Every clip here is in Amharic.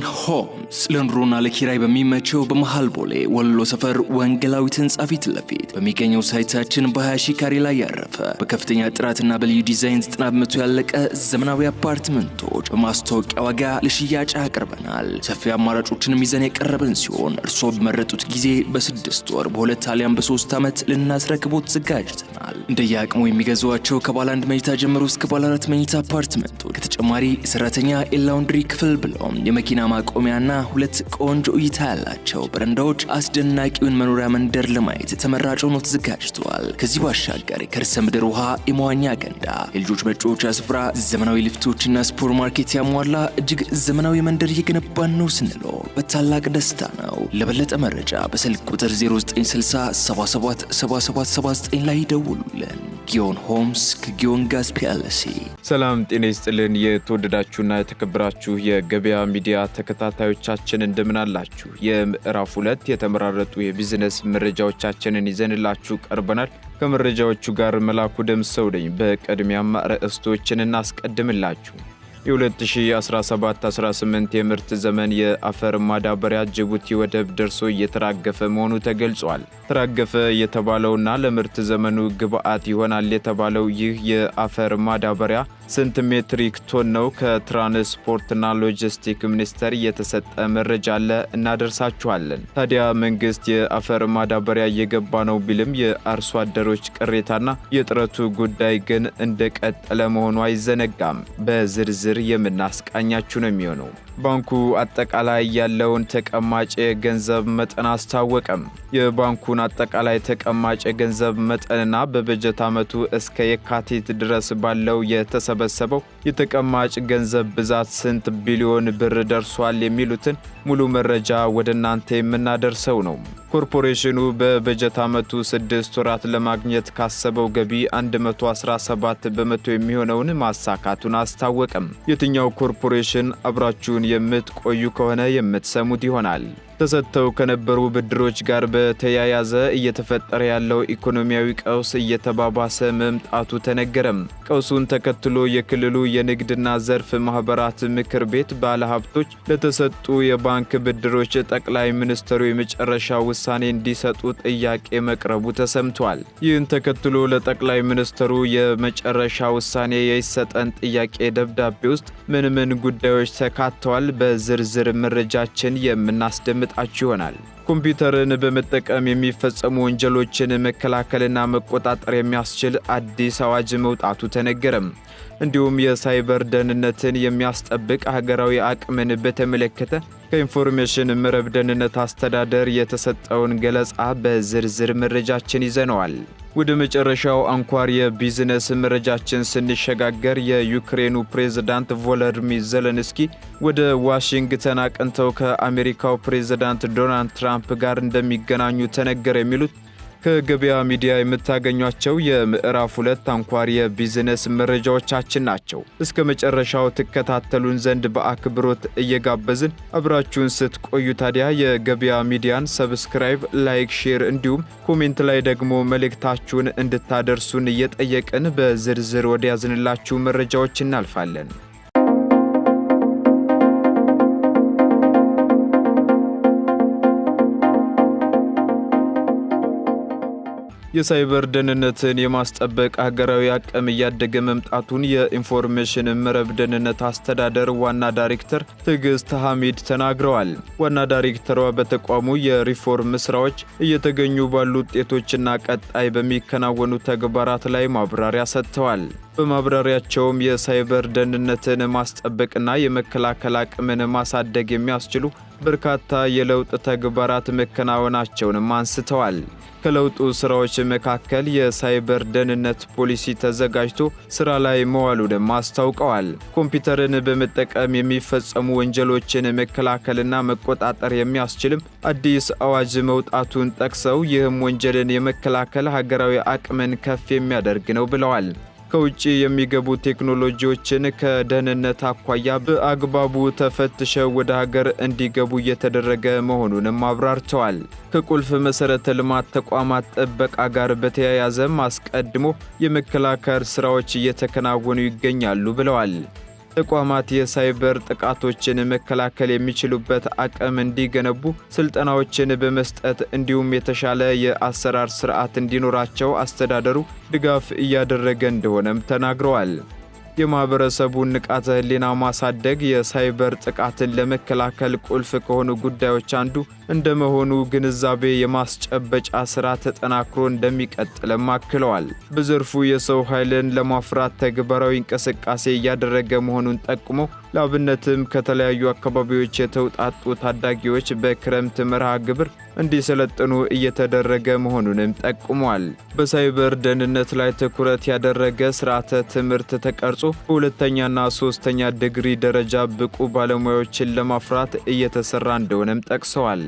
ሼርሎን ሆምስ ለኑሮና ለኪራይ በሚመቸው በመሃል ቦሌ ወሎ ሰፈር ወንጌላዊት ህንፃ ፊት ለፊት በሚገኘው ሳይታችን በ20 ሺህ ካሬ ላይ ያረፈ በከፍተኛ ጥራትና በልዩ ዲዛይን 90 በመቶ ያለቀ ዘመናዊ አፓርትመንቶች በማስታወቂያ ዋጋ ለሽያጭ አቅርበናል። ሰፊ አማራጮችን ይዘን የቀረብን ሲሆን እርስዎ በመረጡት ጊዜ በስድስት ወር በሁለት አሊያም በሶስት ዓመት ልናስረክቦት ተዘጋጅተናል። እንደየአቅሙ የሚገዟቸው ከባለ አንድ መኝታ ጀምሮ እስከ ባለ አራት መኝታ አፓርትመንቶች ከተጨማሪ ሰራተኛ የላውንድሪ ክፍል ብለውም የመኪና ማቆሚያና ሁለት ቆንጆ እይታ ያላቸው በረንዳዎች አስደናቂውን መኖሪያ መንደር ለማየት ተመራጭ ሆኖ ተዘጋጅተዋል። ከዚህ ባሻገር ከርሰ ምድር ውሃ፣ የመዋኛ ገንዳ፣ የልጆች መጫወቻ ስፍራ፣ ዘመናዊ ሊፍቶችና ሱፐር ማርኬት ያሟላ እጅግ ዘመናዊ መንደር እየገነባን ነው ስንለ በታላቅ ደስታ ነው። ለበለጠ መረጃ በስልክ ቁጥር 0960 777779 ላይ ይደውሉልን። ጊዮን ሆምስ ከጊዮን ጋዝ ሰላም ጤና ይስጥልን። የተወደዳችሁና የተከበራችሁ የገበያ ሚዲያ ተከታታዮቻችን እንደምን አላችሁ? የምዕራፍ ሁለት የተመራረጡ የቢዝነስ መረጃዎቻችንን ይዘንላችሁ ቀርበናል። ከመረጃዎቹ ጋር መላኩ ደምሰው ነኝ። በቅድሚያም ርዕስቶችን እናስቀድምላችሁ። የ2017-18 የምርት ዘመን የአፈር ማዳበሪያ ጅቡቲ ወደብ ደርሶ እየተራገፈ መሆኑ ተገልጿል። ተራገፈ የተባለውና ለምርት ዘመኑ ግብዓት ይሆናል የተባለው ይህ የአፈር ማዳበሪያ ስንት ሜትሪክ ቶን ነው? ከትራንስፖርትና ሎጂስቲክ ሚኒስቴር የተሰጠ መረጃ አለ፣ እናደርሳችኋለን። ታዲያ መንግስት የአፈር ማዳበሪያ እየገባ ነው ቢልም የአርሶ አደሮች ቅሬታና የጥረቱ ጉዳይ ግን እንደቀጠለ መሆኑ አይዘነጋም። በዝርዝር የምናስቃኛችሁ ነው የሚሆነው። ባንኩ አጠቃላይ ያለውን ተቀማጭ የገንዘብ መጠን አስታወቀም። የባንኩን አጠቃላይ ተቀማጭ የገንዘብ መጠንና በበጀት ዓመቱ እስከ የካቲት ድረስ ባለው የተሰበሰበው የተቀማጭ ገንዘብ ብዛት ስንት ቢሊዮን ብር ደርሷል የሚሉትን ሙሉ መረጃ ወደ እናንተ የምናደርሰው ነው። ኮርፖሬሽኑ በበጀት ዓመቱ ስድስት ወራት ለማግኘት ካሰበው ገቢ 117 በመቶ የሚሆነውን ማሳካቱን አስታወቀም። የትኛው ኮርፖሬሽን አብራችሁን የምትቆዩ ከሆነ የምትሰሙት ይሆናል። ተሰጥተው ከነበሩ ብድሮች ጋር በተያያዘ እየተፈጠረ ያለው ኢኮኖሚያዊ ቀውስ እየተባባሰ መምጣቱ ተነገረም። ቀውሱን ተከትሎ የክልሉ የንግድና ዘርፍ ማህበራት ምክር ቤት ባለሀብቶች ለተሰጡ የባንክ ብድሮች ጠቅላይ ሚኒስትሩ የመጨረሻ ውሳኔ እንዲሰጡ ጥያቄ መቅረቡ ተሰምቷል። ይህን ተከትሎ ለጠቅላይ ሚኒስትሩ የመጨረሻ ውሳኔ የይሰጠን ጥያቄ ደብዳቤ ውስጥ ምን ምን ጉዳዮች ተካተዋል? በዝርዝር መረጃችን የምናስደምጥ የሚሰጣችሁ ይሆናል። ኮምፒውተርን በመጠቀም የሚፈጸሙ ወንጀሎችን መከላከልና መቆጣጠር የሚያስችል አዲስ አዋጅ መውጣቱ ተነገረም። እንዲሁም የሳይበር ደህንነትን የሚያስጠብቅ ሀገራዊ አቅምን በተመለከተ ከኢንፎርሜሽን መረብ ደህንነት አስተዳደር የተሰጠውን ገለጻ በዝርዝር መረጃችን ይዘነዋል። ወደ መጨረሻው አንኳር የቢዝነስ መረጃችን ስንሸጋገር የዩክሬኑ ፕሬዝዳንት ቮሎድሚር ዘለንስኪ ወደ ዋሽንግተን አቅንተው ከአሜሪካው ፕሬዝዳንት ዶናልድ ትራምፕ ትራምፕ ጋር እንደሚገናኙ ተነገረ። የሚሉት ከገበያ ሚዲያ የምታገኟቸው የምዕራፍ ሁለት አንኳር የቢዝነስ መረጃዎቻችን ናቸው። እስከ መጨረሻው ትከታተሉን ዘንድ በአክብሮት እየጋበዝን አብራችሁን ስትቆዩ ታዲያ የገበያ ሚዲያን ሰብስክራይብ፣ ላይክ፣ ሼር እንዲሁም ኮሜንት ላይ ደግሞ መልእክታችሁን እንድታደርሱን እየጠየቅን በዝርዝር ወደ ያዝንላችሁ መረጃዎች እናልፋለን። የሳይበር ደህንነትን የማስጠበቅ ሀገራዊ አቅም እያደገ መምጣቱን የኢንፎርሜሽን መረብ ደህንነት አስተዳደር ዋና ዳይሬክተር ትዕግስት ሐሚድ ተናግረዋል። ዋና ዳይሬክተሯ በተቋሙ የሪፎርም ስራዎች እየተገኙ ባሉ ውጤቶችና ቀጣይ በሚከናወኑ ተግባራት ላይ ማብራሪያ ሰጥተዋል። በማብራሪያቸውም የሳይበር ደህንነትን ማስጠበቅና የመከላከል አቅምን ማሳደግ የሚያስችሉ በርካታ የለውጥ ተግባራት መከናወናቸውንም አንስተዋል። ከለውጡ ስራዎች መካከል የሳይበር ደህንነት ፖሊሲ ተዘጋጅቶ ስራ ላይ መዋሉንም አስታውቀዋል። ኮምፒውተርን በመጠቀም የሚፈጸሙ ወንጀሎችን መከላከልና መቆጣጠር የሚያስችልም አዲስ አዋጅ መውጣቱን ጠቅሰው ይህም ወንጀልን የመከላከል ሀገራዊ አቅምን ከፍ የሚያደርግ ነው ብለዋል። ከውጭ የሚገቡ ቴክኖሎጂዎችን ከደህንነት አኳያ በአግባቡ ተፈትሸው ወደ ሀገር እንዲገቡ እየተደረገ መሆኑንም አብራርተዋል። ከቁልፍ መሠረተ ልማት ተቋማት ጥበቃ ጋር በተያያዘም አስቀድሞ የመከላከል ስራዎች እየተከናወኑ ይገኛሉ ብለዋል። ተቋማት የሳይበር ጥቃቶችን መከላከል የሚችሉበት አቅም እንዲገነቡ ስልጠናዎችን በመስጠት እንዲሁም የተሻለ የአሰራር ስርዓት እንዲኖራቸው አስተዳደሩ ድጋፍ እያደረገ እንደሆነም ተናግረዋል። የማህበረሰቡን ንቃተ ህሊና ማሳደግ የሳይበር ጥቃትን ለመከላከል ቁልፍ ከሆኑ ጉዳዮች አንዱ እንደመሆኑ ግንዛቤ የማስጨበጫ ስራ ተጠናክሮ እንደሚቀጥልም አክለዋል። በዘርፉ የሰው ኃይልን ለማፍራት ተግባራዊ እንቅስቃሴ እያደረገ መሆኑን ጠቁሞ ለአብነትም ከተለያዩ አካባቢዎች የተውጣጡ ታዳጊዎች በክረምት መርሃ ግብር እንዲሰለጥኑ እየተደረገ መሆኑንም ጠቁሟል። በሳይበር ደህንነት ላይ ትኩረት ያደረገ ስርዓተ ትምህርት ተቀርጾ በሁለተኛና ሶስተኛ ዲግሪ ደረጃ ብቁ ባለሙያዎችን ለማፍራት እየተሰራ እንደሆነም ጠቅሰዋል።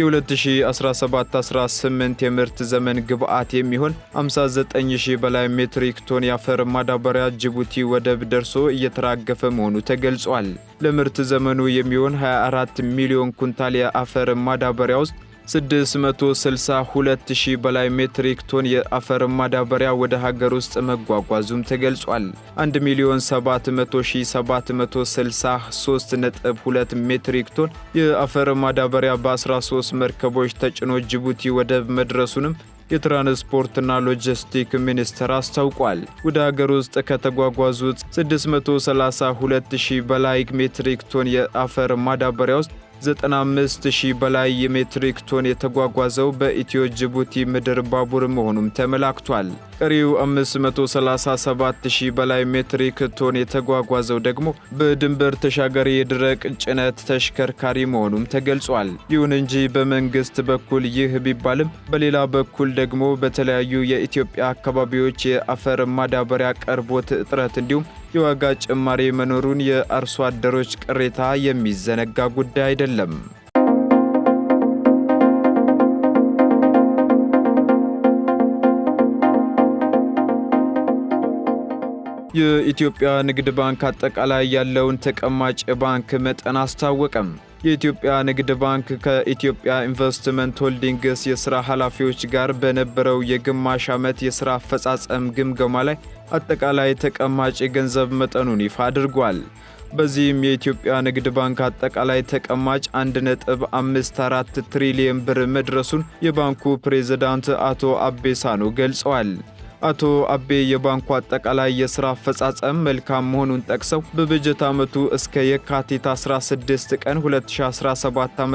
የ2017-18 የምርት ዘመን ግብዓት የሚሆን 59000 በላይ ሜትሪክ ቶን የአፈር ማዳበሪያ ጅቡቲ ወደብ ደርሶ እየተራገፈ መሆኑ ተገልጿል። ለምርት ዘመኑ የሚሆን 24 ሚሊዮን ኩንታል የአፈር ማዳበሪያ ውስጥ 662 ሺህ በላይ ሜትሪክ ቶን የአፈር ማዳበሪያ ወደ ሀገር ውስጥ መጓጓዙም ተገልጿል። 1 ሚሊዮን 700,763.2 ሜትሪክ ቶን የአፈር ማዳበሪያ በ13 መርከቦች ተጭኖ ጅቡቲ ወደብ መድረሱንም የትራንስፖርትና ሎጂስቲክ ሚኒስቴር አስታውቋል። ወደ ሀገር ውስጥ ከተጓጓዙት 632 ሺህ በላይ ሜትሪክ ቶን የአፈር ማዳበሪያ ውስጥ 95,000 በላይ የሜትሪክ ቶን የተጓጓዘው በኢትዮ ጅቡቲ ምድር ባቡር መሆኑም ተመላክቷል። ቀሪው 537,000 በላይ ሜትሪክ ቶን የተጓጓዘው ደግሞ በድንበር ተሻጋሪ የደረቅ ጭነት ተሽከርካሪ መሆኑም ተገልጿል። ይሁን እንጂ በመንግስት በኩል ይህ ቢባልም በሌላ በኩል ደግሞ በተለያዩ የኢትዮጵያ አካባቢዎች የአፈር ማዳበሪያ ቀርቦት እጥረት እንዲሁም የዋጋ ጭማሪ መኖሩን የአርሶ አደሮች ቅሬታ የሚዘነጋ ጉዳይ አይደለም። የኢትዮጵያ ንግድ ባንክ አጠቃላይ ያለውን ተቀማጭ ባንክ መጠን አስታወቀም። የኢትዮጵያ ንግድ ባንክ ከኢትዮጵያ ኢንቨስትመንት ሆልዲንግስ የሥራ ኃላፊዎች ጋር በነበረው የግማሽ ዓመት የሥራ አፈጻጸም ግምገማ ላይ አጠቃላይ ተቀማጭ የገንዘብ መጠኑን ይፋ አድርጓል። በዚህም የኢትዮጵያ ንግድ ባንክ አጠቃላይ ተቀማጭ 1.54 ትሪሊየን ብር መድረሱን የባንኩ ፕሬዝዳንት አቶ አቤሳኖ ገልጸዋል። አቶ አቤ የባንኩ አጠቃላይ የስራ አፈጻጸም መልካም መሆኑን ጠቅሰው በበጀት ዓመቱ እስከ የካቲት 16 ቀን 2017 ዓ.ም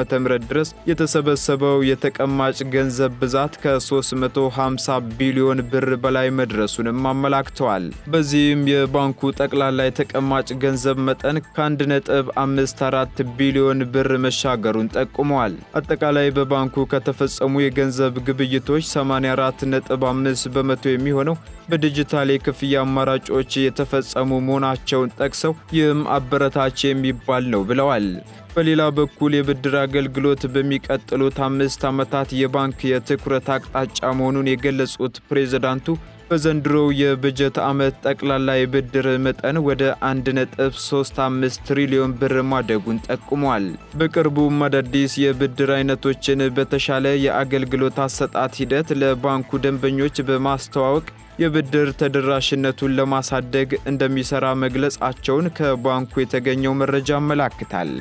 ድረስ የተሰበሰበው የተቀማጭ ገንዘብ ብዛት ከ350 ቢሊዮን ብር በላይ መድረሱንም አመላክተዋል። በዚህም የባንኩ ጠቅላላ የተቀማጭ ገንዘብ መጠን ከ1.54 ቢሊዮን ብር መሻገሩን ጠቁመዋል። አጠቃላይ በባንኩ ከተፈጸሙ የገንዘብ ግብይቶች 84.5 በመቶ የሚሆ የሆነው በዲጂታል የክፍያ አማራጮች የተፈጸሙ መሆናቸውን ጠቅሰው ይህም አበረታች የሚባል ነው ብለዋል። በሌላ በኩል የብድር አገልግሎት በሚቀጥሉት አምስት ዓመታት የባንክ የትኩረት አቅጣጫ መሆኑን የገለጹት ፕሬዝዳንቱ በዘንድሮው የበጀት ዓመት ጠቅላላ የብድር መጠን ወደ 1.35 ትሪሊዮን ብር ማደጉን ጠቁሟል። በቅርቡም አዳዲስ የብድር አይነቶችን በተሻለ የአገልግሎት አሰጣት ሂደት ለባንኩ ደንበኞች በማስተዋወቅ የብድር ተደራሽነቱን ለማሳደግ እንደሚሰራ መግለጻቸውን ከባንኩ የተገኘው መረጃ አመላክታል።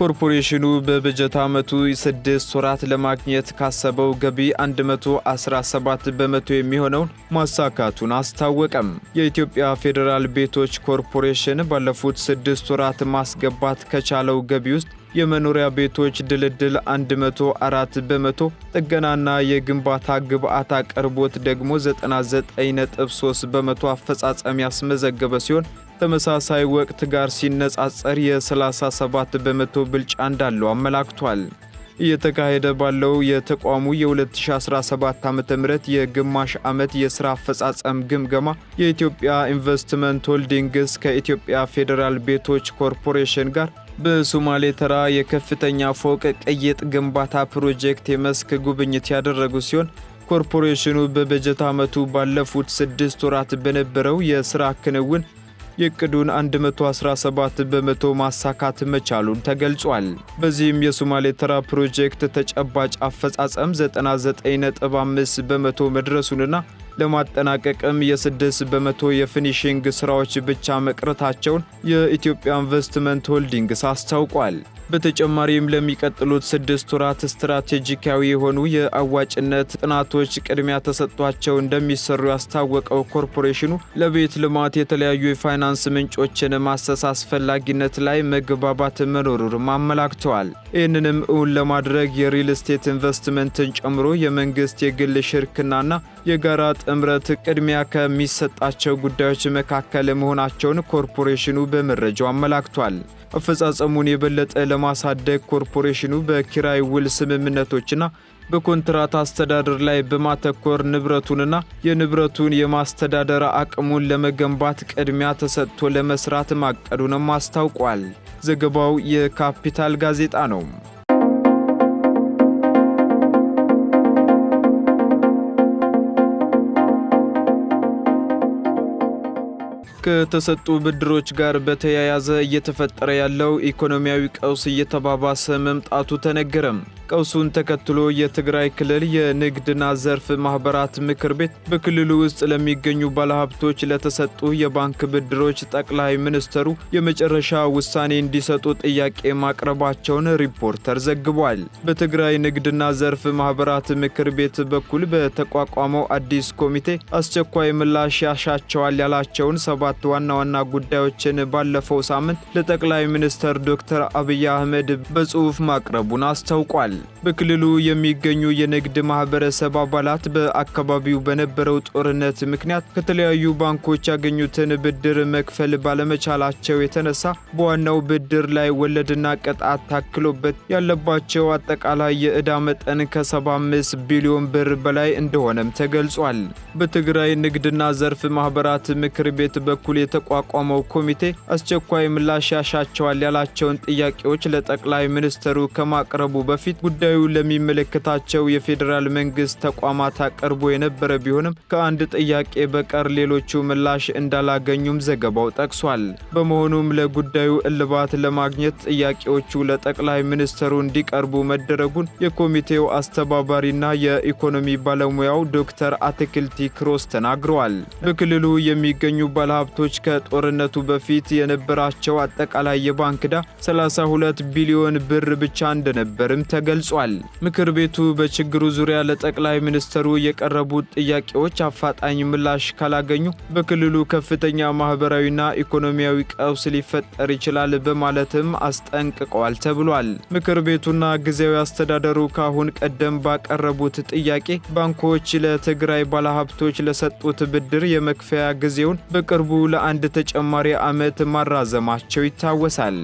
ኮርፖሬሽኑ በበጀት ዓመቱ ስድስት ወራት ለማግኘት ካሰበው ገቢ 117 በመቶ የሚሆነውን ማሳካቱን አስታወቀም። የኢትዮጵያ ፌዴራል ቤቶች ኮርፖሬሽን ባለፉት ስድስት ወራት ማስገባት ከቻለው ገቢ ውስጥ የመኖሪያ ቤቶች ድልድል 104 በመቶ፣ ጥገናና የግንባታ ግብዓት አቅርቦት ደግሞ 99.3 በመቶ አፈጻጸም ያስመዘገበ ሲሆን ተመሳሳይ ወቅት ጋር ሲነጻጸር የ37 በመቶ ብልጫ እንዳለው አመላክቷል። እየተካሄደ ባለው የተቋሙ የ2017 ዓ ም የግማሽ ዓመት የሥራ አፈጻጸም ግምገማ የኢትዮጵያ ኢንቨስትመንት ሆልዲንግስ ከኢትዮጵያ ፌዴራል ቤቶች ኮርፖሬሽን ጋር በሶማሌ ተራ የከፍተኛ ፎቅ ቅይጥ ግንባታ ፕሮጀክት የመስክ ጉብኝት ያደረጉ ሲሆን ኮርፖሬሽኑ በበጀት ዓመቱ ባለፉት ስድስት ወራት በነበረው የሥራ ክንውን የዕቅዱን 117 በመቶ ማሳካት መቻሉን ተገልጿል። በዚህም የሶማሌ ተራ ፕሮጀክት ተጨባጭ አፈጻጸም 99.5 በመቶ መድረሱንና ለማጠናቀቅም የስድስት በመቶ የፊኒሽንግ ስራዎች ብቻ መቅረታቸውን የኢትዮጵያ ኢንቨስትመንት ሆልዲንግስ አስታውቋል። በተጨማሪም ለሚቀጥሉት ስድስት ወራት ስትራቴጂካዊ የሆኑ የአዋጭነት ጥናቶች ቅድሚያ ተሰጥቷቸው እንደሚሰሩ ያስታወቀው ኮርፖሬሽኑ ለቤት ልማት የተለያዩ የፋይናንስ ምንጮችን ማሰስ አስፈላጊነት ላይ መግባባት መኖሩንም አመላክተዋል። ይህንንም እውን ለማድረግ የሪል ስቴት ኢንቨስትመንትን ጨምሮ የመንግስት የግል ሽርክናና የጋራ ጥምረት ቅድሚያ ከሚሰጣቸው ጉዳዮች መካከል መሆናቸውን ኮርፖሬሽኑ በመረጃው አመላክቷል። አፈጻጸሙን የበለጠ ለማሳደግ ኮርፖሬሽኑ በኪራይ ውል ስምምነቶችና በኮንትራት አስተዳደር ላይ በማተኮር ንብረቱንና የንብረቱን የማስተዳደር አቅሙን ለመገንባት ቅድሚያ ተሰጥቶ ለመስራት ማቀዱንም አስታውቋል። ዘገባው የካፒታል ጋዜጣ ነው። ከተሰጡ ብድሮች ጋር በተያያዘ እየተፈጠረ ያለው ኢኮኖሚያዊ ቀውስ እየተባባሰ መምጣቱ ተነገረም። ቀውሱን ተከትሎ የትግራይ ክልል የንግድና ዘርፍ ማኅበራት ምክር ቤት በክልሉ ውስጥ ለሚገኙ ባለሀብቶች ለተሰጡ የባንክ ብድሮች ጠቅላይ ሚኒስትሩ የመጨረሻ ውሳኔ እንዲሰጡ ጥያቄ ማቅረባቸውን ሪፖርተር ዘግቧል። በትግራይ ንግድና ዘርፍ ማኅበራት ምክር ቤት በኩል በተቋቋመው አዲስ ኮሚቴ አስቸኳይ ምላሽ ያሻቸዋል ያላቸውን ሰባት ዋና ዋና ጉዳዮችን ባለፈው ሳምንት ለጠቅላይ ሚኒስትር ዶክተር አብይ አህመድ በጽሑፍ ማቅረቡን አስታውቋል። በክልሉ የሚገኙ የንግድ ማህበረሰብ አባላት በአካባቢው በነበረው ጦርነት ምክንያት ከተለያዩ ባንኮች ያገኙትን ብድር መክፈል ባለመቻላቸው የተነሳ በዋናው ብድር ላይ ወለድና ቅጣት ታክሎበት ያለባቸው አጠቃላይ የዕዳ መጠን ከ75 ቢሊዮን ብር በላይ እንደሆነም ተገልጿል። በትግራይ ንግድና ዘርፍ ማህበራት ምክር ቤት በኩል የተቋቋመው ኮሚቴ አስቸኳይ ምላሽ ያሻቸዋል ያላቸውን ጥያቄዎች ለጠቅላይ ሚኒስትሩ ከማቅረቡ በፊት ጉዳዩ ለሚመለከታቸው የፌዴራል መንግስት ተቋማት አቅርቦ የነበረ ቢሆንም ከአንድ ጥያቄ በቀር ሌሎቹ ምላሽ እንዳላገኙም ዘገባው ጠቅሷል። በመሆኑም ለጉዳዩ እልባት ለማግኘት ጥያቄዎቹ ለጠቅላይ ሚኒስትሩ እንዲቀርቡ መደረጉን የኮሚቴው አስተባባሪና የኢኮኖሚ ባለሙያው ዶክተር አትክልቲ ክሮስ ተናግረዋል። በክልሉ የሚገኙ ባለሀብቶች ከጦርነቱ በፊት የነበራቸው አጠቃላይ የባንክ ዕዳ 32 ቢሊዮን ብር ብቻ እንደነበርም ተገል ገልጿል። ምክር ቤቱ በችግሩ ዙሪያ ለጠቅላይ ሚኒስትሩ የቀረቡት ጥያቄዎች አፋጣኝ ምላሽ ካላገኙ በክልሉ ከፍተኛ ማህበራዊና ኢኮኖሚያዊ ቀውስ ሊፈጠር ይችላል በማለትም አስጠንቅቀዋል ተብሏል። ምክር ቤቱና ጊዜያዊ አስተዳደሩ ካሁን ቀደም ባቀረቡት ጥያቄ ባንኮች ለትግራይ ባለሀብቶች ለሰጡት ብድር የመክፈያ ጊዜውን በቅርቡ ለአንድ ተጨማሪ ዓመት ማራዘማቸው ይታወሳል።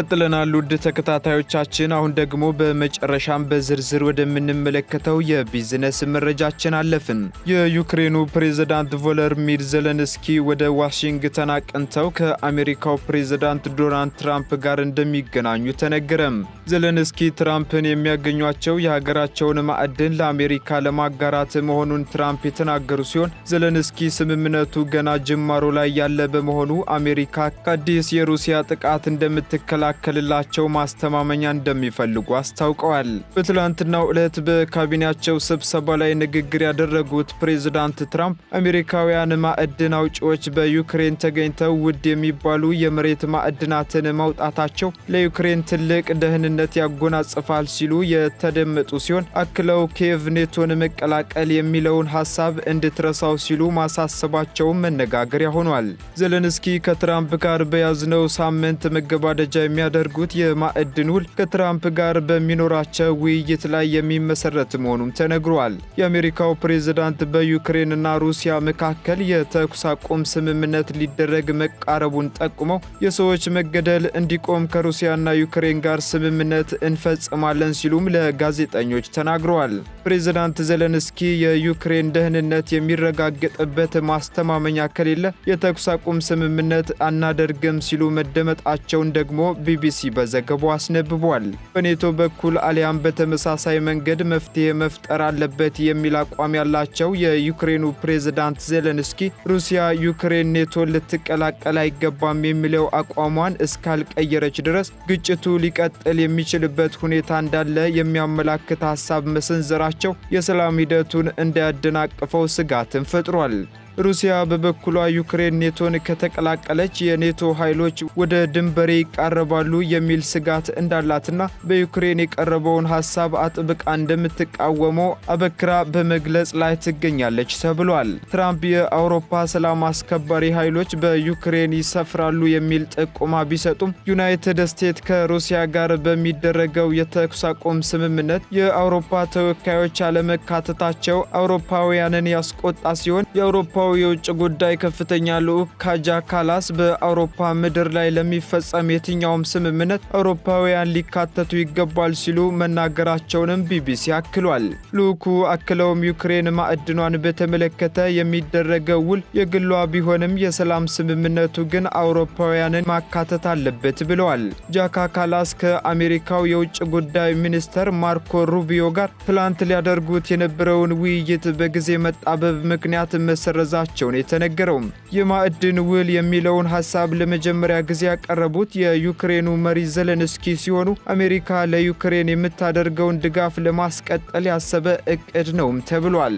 ቀጥለናል ውድ ተከታታዮቻችን። አሁን ደግሞ በመጨረሻም በዝርዝር ወደምንመለከተው የቢዝነስ መረጃችን አለፍን። የዩክሬኑ ፕሬዝዳንት ቮሎድሚር ዘለንስኪ ወደ ዋሽንግተን አቅንተው ከአሜሪካው ፕሬዝዳንት ዶናልድ ትራምፕ ጋር እንደሚገናኙ ተነገረም። ዘለንስኪ ትራምፕን የሚያገኟቸው የሀገራቸውን ማዕድን ለአሜሪካ ለማጋራት መሆኑን ትራምፕ የተናገሩ ሲሆን ዘለንስኪ ስምምነቱ ገና ጅማሮ ላይ ያለ በመሆኑ አሜሪካ ከአዲስ የሩሲያ ጥቃት እንደምትከላ እንዲከላከልላቸው ማስተማመኛ እንደሚፈልጉ አስታውቀዋል። በትላንትናው ዕለት በካቢኔያቸው ስብሰባ ላይ ንግግር ያደረጉት ፕሬዝዳንት ትራምፕ አሜሪካውያን ማዕድን አውጪዎች በዩክሬን ተገኝተው ውድ የሚባሉ የመሬት ማዕድናትን ማውጣታቸው ለዩክሬን ትልቅ ደህንነት ያጎናጽፋል ሲሉ የተደመጡ ሲሆን አክለው ኬቭ ኔቶን መቀላቀል የሚለውን ሀሳብ እንድትረሳው ሲሉ ማሳሰባቸውን መነጋገሪያ ሆኗል። ዘለንስኪ ከትራምፕ ጋር በያዝነው ሳምንት መገባደጃ የሚያደርጉት የማዕድን ውል ከትራምፕ ጋር በሚኖራቸው ውይይት ላይ የሚመሰረት መሆኑም ተነግሯል። የአሜሪካው ፕሬዝዳንት በዩክሬንና ሩሲያ መካከል የተኩስ አቁም ስምምነት ሊደረግ መቃረቡን ጠቁመው የሰዎች መገደል እንዲቆም ከሩሲያና ዩክሬን ጋር ስምምነት እንፈጽማለን ሲሉም ለጋዜጠኞች ተናግረዋል። ፕሬዝዳንት ዘለንስኪ የዩክሬን ደህንነት የሚረጋገጥበት ማስተማመኛ ከሌለ የተኩስ አቁም ስምምነት አናደርግም ሲሉ መደመጣቸውን ደግሞ ቢቢሲ በዘገባው አስነብቧል። በኔቶ በኩል አሊያም በተመሳሳይ መንገድ መፍትሄ መፍጠር አለበት የሚል አቋም ያላቸው የዩክሬኑ ፕሬዝዳንት ዜሌንስኪ ሩሲያ ዩክሬን ኔቶን ልትቀላቀል አይገባም የሚለው አቋሟን እስካልቀየረች ድረስ ግጭቱ ሊቀጥል የሚችልበት ሁኔታ እንዳለ የሚያመላክት ሀሳብ መሰንዘራቸው የሰላም ሂደቱን እንዳያደናቅፈው ስጋትን ፈጥሯል። ሩሲያ በበኩሏ ዩክሬን ኔቶን ከተቀላቀለች የኔቶ ኃይሎች ወደ ድንበሬ ይቃረባሉ የሚል ስጋት እንዳላትና በዩክሬን የቀረበውን ሀሳብ አጥብቃ እንደምትቃወመው አበክራ በመግለጽ ላይ ትገኛለች ተብሏል። ትራምፕ የአውሮፓ ሰላም አስከባሪ ኃይሎች በዩክሬን ይሰፍራሉ የሚል ጥቆማ ቢሰጡም ዩናይትድ ስቴትስ ከሩሲያ ጋር በሚደረገው የተኩስ አቁም ስምምነት የአውሮፓ ተወካዮች አለመካተታቸው አውሮፓውያንን ያስቆጣ ሲሆን የአውሮፓ የአውሮፓው የውጭ ጉዳይ ከፍተኛ ልዑክ ካጃ ካላስ በአውሮፓ ምድር ላይ ለሚፈጸም የትኛውም ስምምነት አውሮፓውያን ሊካተቱ ይገባል ሲሉ መናገራቸውንም ቢቢሲ አክሏል። ልዑኩ አክለውም ዩክሬን ማዕድኗን በተመለከተ የሚደረገው ውል የግሏ ቢሆንም የሰላም ስምምነቱ ግን አውሮፓውያንን ማካተት አለበት ብለዋል። ጃካ ካላስ ከአሜሪካው የውጭ ጉዳይ ሚኒስተር ማርኮ ሩቢዮ ጋር ትላንት ሊያደርጉት የነበረውን ውይይት በጊዜ መጣበብ ምክንያት መሰረዝ መያዛቸውን የተነገረው። የማዕድን ውል የሚለውን ሀሳብ ለመጀመሪያ ጊዜ ያቀረቡት የዩክሬኑ መሪ ዘለንስኪ ሲሆኑ አሜሪካ ለዩክሬን የምታደርገውን ድጋፍ ለማስቀጠል ያሰበ እቅድ ነውም ተብሏል።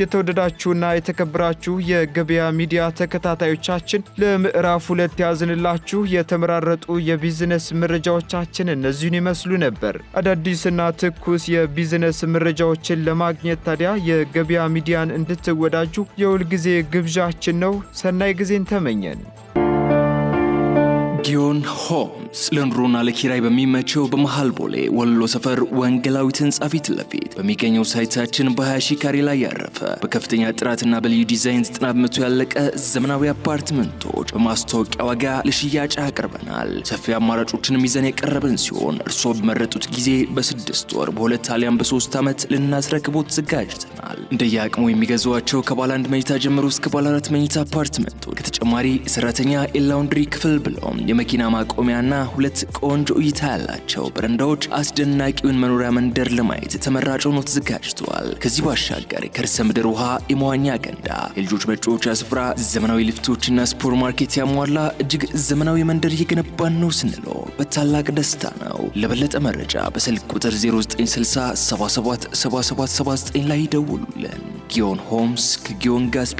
የተወደዳችሁና የተከበራችሁ የገበያ ሚዲያ ተከታታዮቻችን ለምዕራፍ ሁለት ያዝንላችሁ የተመራረጡ የቢዝነስ መረጃዎቻችን እነዚሁን ይመስሉ ነበር። አዳዲስና ትኩስ የቢዝነስ መረጃዎችን ለማግኘት ታዲያ የገበያ ሚዲያን እንድትወዳጁ የሁልጊዜ ግብዣችን ነው። ሰናይ ጊዜን ተመኘን። ጊዮን ሆምስ ለኑሮና ለኪራይ በሚመቸው በመሃል ቦሌ ወሎ ሰፈር ወንጌላዊት ህንፃ ፊት ለፊት በሚገኘው ሳይታችን በ20 ሺ ካሬ ላይ ያረፈ በከፍተኛ ጥራትና በልዩ ዲዛይን 90 በመቶ ያለቀ ዘመናዊ አፓርትመንቶች በማስታወቂያ ዋጋ ለሽያጭ አቅርበናል። ሰፊ አማራጮችን ይዘን የቀረብን ሲሆን እርስዎ በመረጡት ጊዜ በስድስት ወር በሁለት አሊያም በሶስት ዓመት ልናስረክቦት ዘጋጅተናል። እንደየአቅሙ የሚገዟቸው ከባለ አንድ መኝታ ጀምሮ እስከ ባለ አራት መኝታ አፓርትመንቶች ከተጨማሪ ሰራተኛ የላውንድሪ ክፍል ብለውም የመኪና ማቆሚያና ሁለት ቆንጆ እይታ ያላቸው በረንዳዎች አስደናቂውን መኖሪያ መንደር ለማየት ተመራጭ ሆኖ ተዘጋጅተዋል። ከዚህ ባሻገር የከርሰ ምድር ውሃ፣ የመዋኛ ገንዳ፣ የልጆች መጫወቻ ስፍራ፣ ዘመናዊ ሊፍቶችና ሱፐር ማርኬት ያሟላ እጅግ ዘመናዊ መንደር እየገነባን ነው ስንለው በታላቅ ደስታ ነው። ለበለጠ መረጃ በስልክ ቁጥር 0960 777779 ላይ ይደውሉልን። ጊዮን ሆምስ ከጊዮን ጋዝ